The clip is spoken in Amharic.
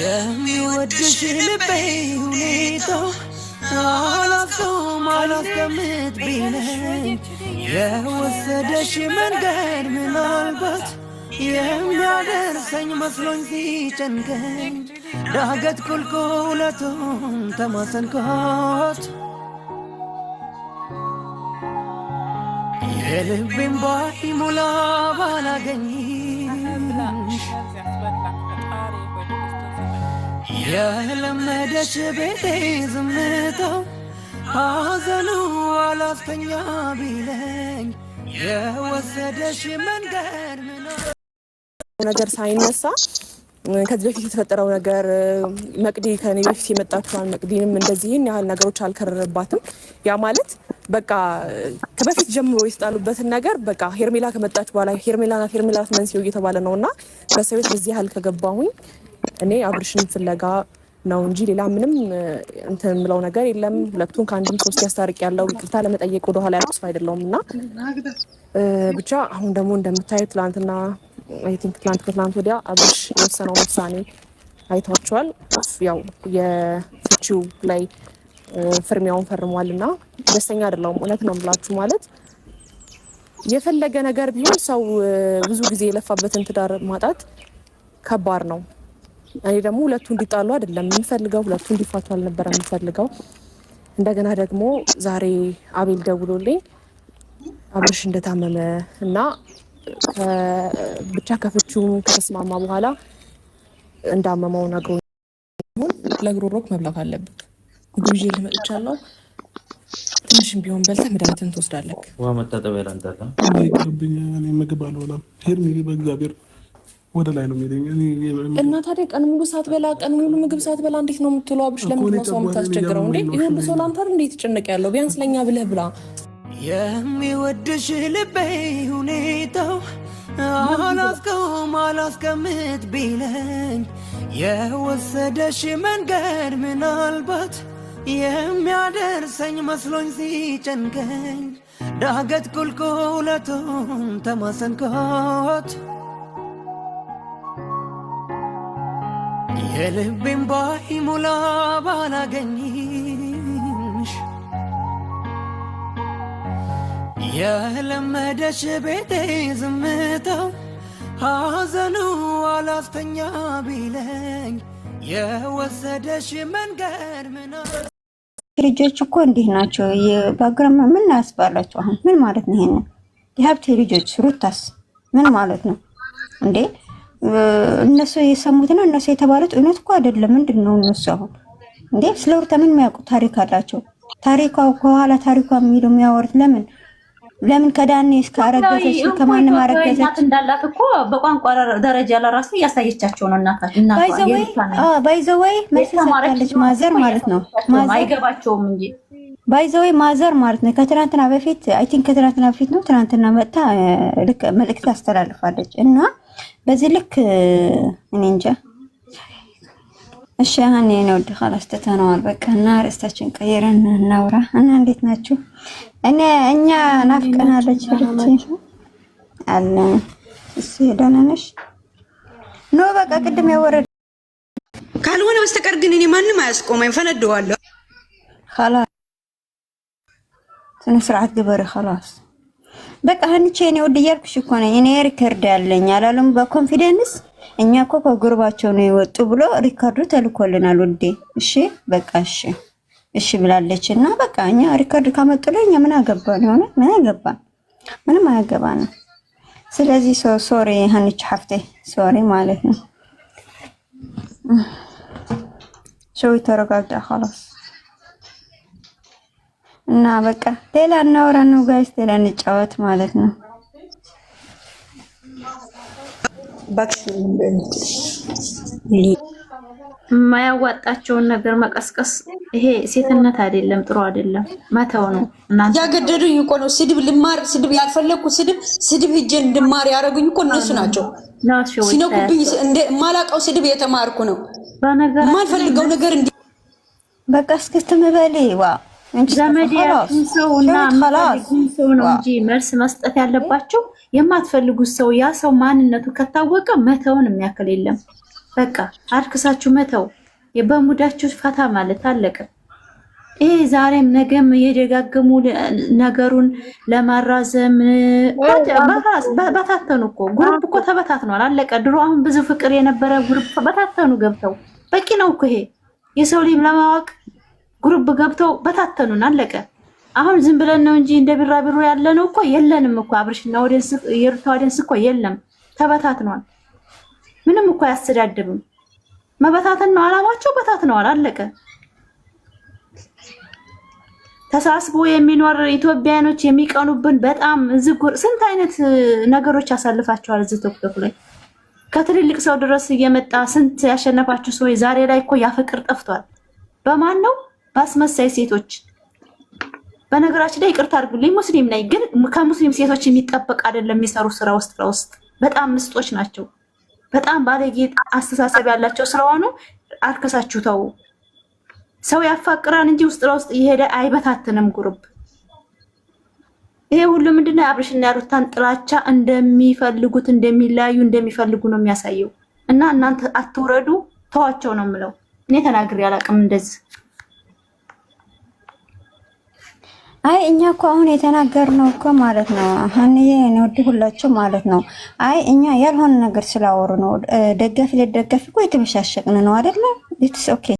የሚወድሽ ልቤ ሁኔታ አላፍቶም አላስቀምጥ ቢለኝ የወሰደሽ መንገድ ምናልባት የሚያደርሰኝ መስሎኝ ሲጨንቀኝ ዳገት ቁልቁለቱን ተማሰንኳት የልቤን ባይሞላ ባላገኝሽ የለመደች ቤቴ ዝምታው ሐዘኑ አላስተኛ ቢለኝ የወሰደሽ መንገድ ነገር ሳይነሳ ከዚህ በፊት የተፈጠረው ነገር መቅዲ ከኔ በፊት የመጣችኋል መቅዲንም እንደዚህ ያህል ነገሮች አልከረረባትም። ያ ማለት በቃ ከበፊት ጀምሮ የተጣሉበትን ነገር በቃ ሄርሜላ ከመጣች በኋላ ሄርሜላ ናት ሄርሜላ ናት መንስኤው እየተባለ ነው እና በሰው ቤት በዚህ ያህል ከገባሁኝ እኔ አብርሽን ፍለጋ ነው እንጂ ሌላ ምንም እንትን የምለው ነገር የለም። ሁለቱን ከአንድም ሶስት ያስታርቅ ያለው ይቅርታ ለመጠየቅ ወደኋላ ያልኩ አይደለውም እና ብቻ አሁን ደግሞ እንደምታዩት ትላንትና አይ ቲንክ ትላንት ከትላንት ወዲያ አብርሽ የወሰነውን ውሳኔ አይታችኋል። ያው የፍቺው ላይ ፍርሚያውን ፈርሟል እና ደስተኛ አይደለውም። እውነት ነው የምላችሁ ማለት የፈለገ ነገር ቢሆን ሰው ብዙ ጊዜ የለፋበትን ትዳር ማጣት ከባድ ነው። እኔ ደግሞ ሁለቱ እንዲጣሉ አይደለም የምንፈልገው፣ ሁለቱ እንዲፋቱ አልነበረ የምንፈልገው። እንደገና ደግሞ ዛሬ አቤል ደውሎልኝ አብርሽ እንደታመመ እና ብቻ ከፍቺውም ከተስማማ በኋላ እንዳመመው ነግሮ ለግሮሮክ መብላት አለብህ ምግብ ይዤ ልመጥቻለሁ ትንሽም ቢሆን በልተህ መድኃኒትን ትወስዳለህ። ውሃ መታጠቢያ ላንጣላ ይቅርብኛ ምግብ አልሆነም ሄድ ምግብ እግዚአብሔር ወደ ላይ ነው የሚለኝ። እና ታዲያ ቀን ሙሉ ሳትበላ ቀን ሙሉ ምግብ ሳትበላ እንዴት ነው የምትውለው? አብሽ ለምንድን ሰው የምታስቸግረው እንዴ? ይህ ሁሉ ሰው ለአንተ እንዴ የተጨነቀ ያለው? ቢያንስ ለእኛ ብለህ ብላ። የሚወድሽ ልቤ ሁኔታው አላስቀውም አላስቀምጥ ቢለኝ የወሰደሽ መንገድ ምናልባት የሚያደርሰኝ መስሎኝ ሲጨንቀኝ ዳገት ቁልቁለቱን ተማሰንካት የልቤም ባይሞላ ባላገኝሽ የለመደሽ ቤቴ ዝምታው ሐዘኑ አላስተኛ ቢለኝ የወሰደሽ መንገድ ምና ልጆች እኮ እንዲህ ናቸው። ባግራም ምን ያስባላቸው? አሁን ምን ማለት ነው? ይሄንን የሀብቴ ልጆች ሩታስ ምን ማለት ነው እንዴ? እነሱ የሰሙት ነው እነሱ የተባሉት እውነት እኮ አይደለም። ምንድን ነው እነሱ አሁን እንዴ ስለ ሩታ ምን የሚያውቁት ታሪክ አላቸው? ታሪኳ ከኋላ ታሪኳ የሚሄዱ የሚያወሩት ለምን ለምን ከዳኔ እስከ አረገዘች ከማንም አረገዘች እንዳላት እኮ በቋንቋ ደረጃ ለራሱ እያሳየቻቸው ነው። ባይዘወይ ah, መልሳለች ማዘር ማለት ነው። አይገባቸውም እንጂ ባይዘወይ ማዘር ማለት ነው። ከትናንትና በፊት አይ ቲንክ ከትናንትና በፊት ነው ትናንትና መጥታ eh, መልእክት አስተላልፋለች እና በዚህ ልክ እኔ እንጃ። እሺ አሁን የኔ ውድ ኻላስ ትተነዋል በቃ እና ርዕሳችን ቀይረን እናውራ እና እንዴት ናችሁ? እኔ እኛ ናፍቀናለች ልጅ አለ እሱ ደህና ነሽ? ኖ በቃ ቅድም ያወረደ ካልሆነ በስተቀር ግን እኔ ማንም አያስቆመኝ፣ ፈነደዋለሁ። ኻላስ ስነ ስርዓት ግበሪ ኻላስ በቃ ሀንቼ እኔ ወደ እያልኩሽ እኮ ነኝ። እኔ ሪከርድ ያለኝ አላሉም። በኮንፊደንስ እኛ እኮ ከጉርባቸው ነው የወጡ ብሎ ሪከርዱ ተልኮልናል ውዴ። እሺ በቃ እሺ እሺ ብላለች እና በቃ እኛ ሪከርድ ካመጡ ላይ እኛ ምን አገባን? የሆነ ምን አገባን? ምንም አያገባንም። ስለዚህ ሶሪ ሀንቼ ሀፍቴ ሶሪ ማለት ነው። ሸዊ ተረጋግዳ ኸላስ እና በቃ ሌላ እናወራ ነው ጋይስ፣ ሌላ እንጫወት ማለት ነው። የማያዋጣቸውን ነገር መቀስቀስ ይሄ ሴትነት አይደለም፣ ጥሩ አይደለም፣ መተው ነው። እና ያገደዱኝ እኮ ነው። ስድብ ልማር ስድብ ያልፈለኩ ስድብ ስድብ ሂጄ እንድማር ያደረጉኝ እኮ እነሱ ናቸው። ሲነኩብኝ እንደ ማላውቀው ስድብ የተማርኩ ነው። ማልፈልገው ነገር እንዲ በቃ እስክትምበሌ ዋ ዘመድ ያልኩኝ ሰው እና የምትፈልጉኝ ሰው ነው እንጂ መልስ መስጠት ያለባቸው። የማትፈልጉት ሰው ያ ሰው ማንነቱ ከታወቀ መተውን የሚያክል የለም። በቃ አድክሳችሁ መተው፣ በሙዳችሁ ፈታ ማለት አለቀ። ይሄ ዛሬም ነገም የደጋገሙ ነገሩን ለማራዘም በታተኑ እኮ ጉሩፕ እኮ ተበታትኗል፣ አለቀ። ድሮ አሁን ብዙ ፍቅር የነበረ ጉሩፕ በታተኑ ገብተው በቂ ነው እኮ ይሄ የሰው ልጅ ለማወቅ ግሩብ ገብተው በታተኑን አለቀ። አሁን ዝም ብለን ነው እንጂ እንደ ቢራቢሮ ያለ ነው እኮ የለንም እኮ አብርሽና ወደንስ የሩታ ወደንስ እኮ የለም ተበታትኗል። ምንም እኮ አያስተዳድብም። መበታተን ነው አላማቸው። በታትነዋል፣ አለቀ። ተሳስቦ የሚኖር ኢትዮጵያኖች የሚቀኑብን በጣም ዝጉር። ስንት አይነት ነገሮች አሳልፋቸዋል። እዚህ ቶክቶክ ላይ ከትልልቅ ሰው ድረስ እየመጣ ስንት ያሸነፋችሁ ሰዎች ዛሬ ላይ እኮ ያፍቅር ጠፍቷል። በማን ነው በአስመሳይ ሴቶች። በነገራችን ላይ ይቅርታ አድርጉልኝ፣ ሙስሊም ነኝ፣ ግን ከሙስሊም ሴቶች የሚጠበቅ አይደለም የሚሰሩ ስራ ውስጥ ለውስጥ በጣም ምስጦች ናቸው። በጣም ባለጌ አስተሳሰብ ያላቸው ስለሆኑ አርከሳችሁ ተው። ሰው ያፋቅራን እንጂ ውስጥ ለውስጥ እየሄደ አይበታትንም ጉርብ። ይሄ ሁሉ ምንድነው? አብርሽና ያሩታን ጥላቻ እንደሚፈልጉት እንደሚለያዩ እንደሚፈልጉ ነው የሚያሳየው። እና እናንተ አትውረዱ፣ ተዋቸው ነው የምለው። እኔ ተናግሬ አላውቅም እንደዚህ አይ እኛ እኮ አሁን የተናገርነው እኮ ማለት ነው ሀንዬ ወድ ሁላችሁ ማለት ነው። አይ እኛ ያልሆነ ነገር ስላወሩ ነው ደገፍ ለደጋፊ እኮ የተበሻሸቅን ነው አይደለ? ኢትስ ኦኬ